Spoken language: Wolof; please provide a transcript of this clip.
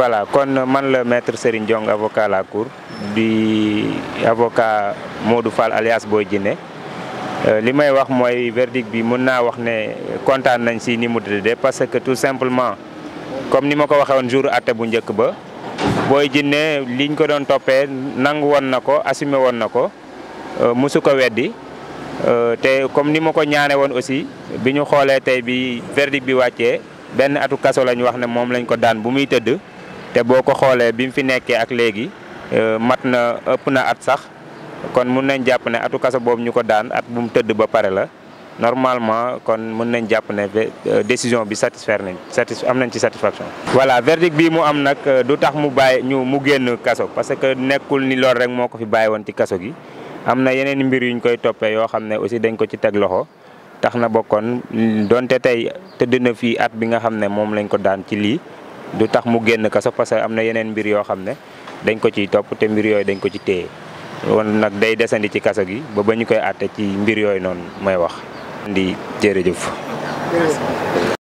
voilà kon man la maître Serigne Diong avocat à la cour di avocat Modou Fall alias Boy Djiné euh, li may wax mooy verdict bi mën naa wax ne kontaan nañ si ni mu tëddee parce que tout simplement comme ni ma ko waxee woon jour ate bu njëkk ba booy jinne li liñ ko doon toppee nangu woon na ko assume woon na ko euh, musu ko weddi euh, te comme ni ma ko ñaane woon aussi bi ñu xoolee tey bi verdict bi wàccee benn atu kaso lañ wax ne moom lañ ko daan bu muy tëdd te boo ko xoolee bi mu fi nekkee ak léegi euh, mat na ëpp na at sax kon mun nañ jàpp ne atu kaso boobu ñu ko daan at bu mu tëdd ba pare la normalement kon mun nañ jàpp ne euh, décision bi satisfaire nañ satis am nañ ci satisfaction. voilà verdict bii mu am nag euh, du tax mu bàyyi ñu mu génn kaso parce que nekkul ni lool rek moo ko fi bàyyi woon ci kaso gi am na yeneen mbir yuñ koy toppee yoo xam ne aussi dañ ko ci teg loxo. tax na bokkoon donte tey tëdd na fii at bi nga xam ne moom lañ ko daan ci lii du tax mu génn kaso parce que am na yeneen mbir yoo xam ne dañ ko ciy topp te mbir yooyu dañ ko ci téye woon nag day desandi ci kaso gi ba ba ñu koy àtte ci mbir yooyu noonu may wax. di jërëjëf.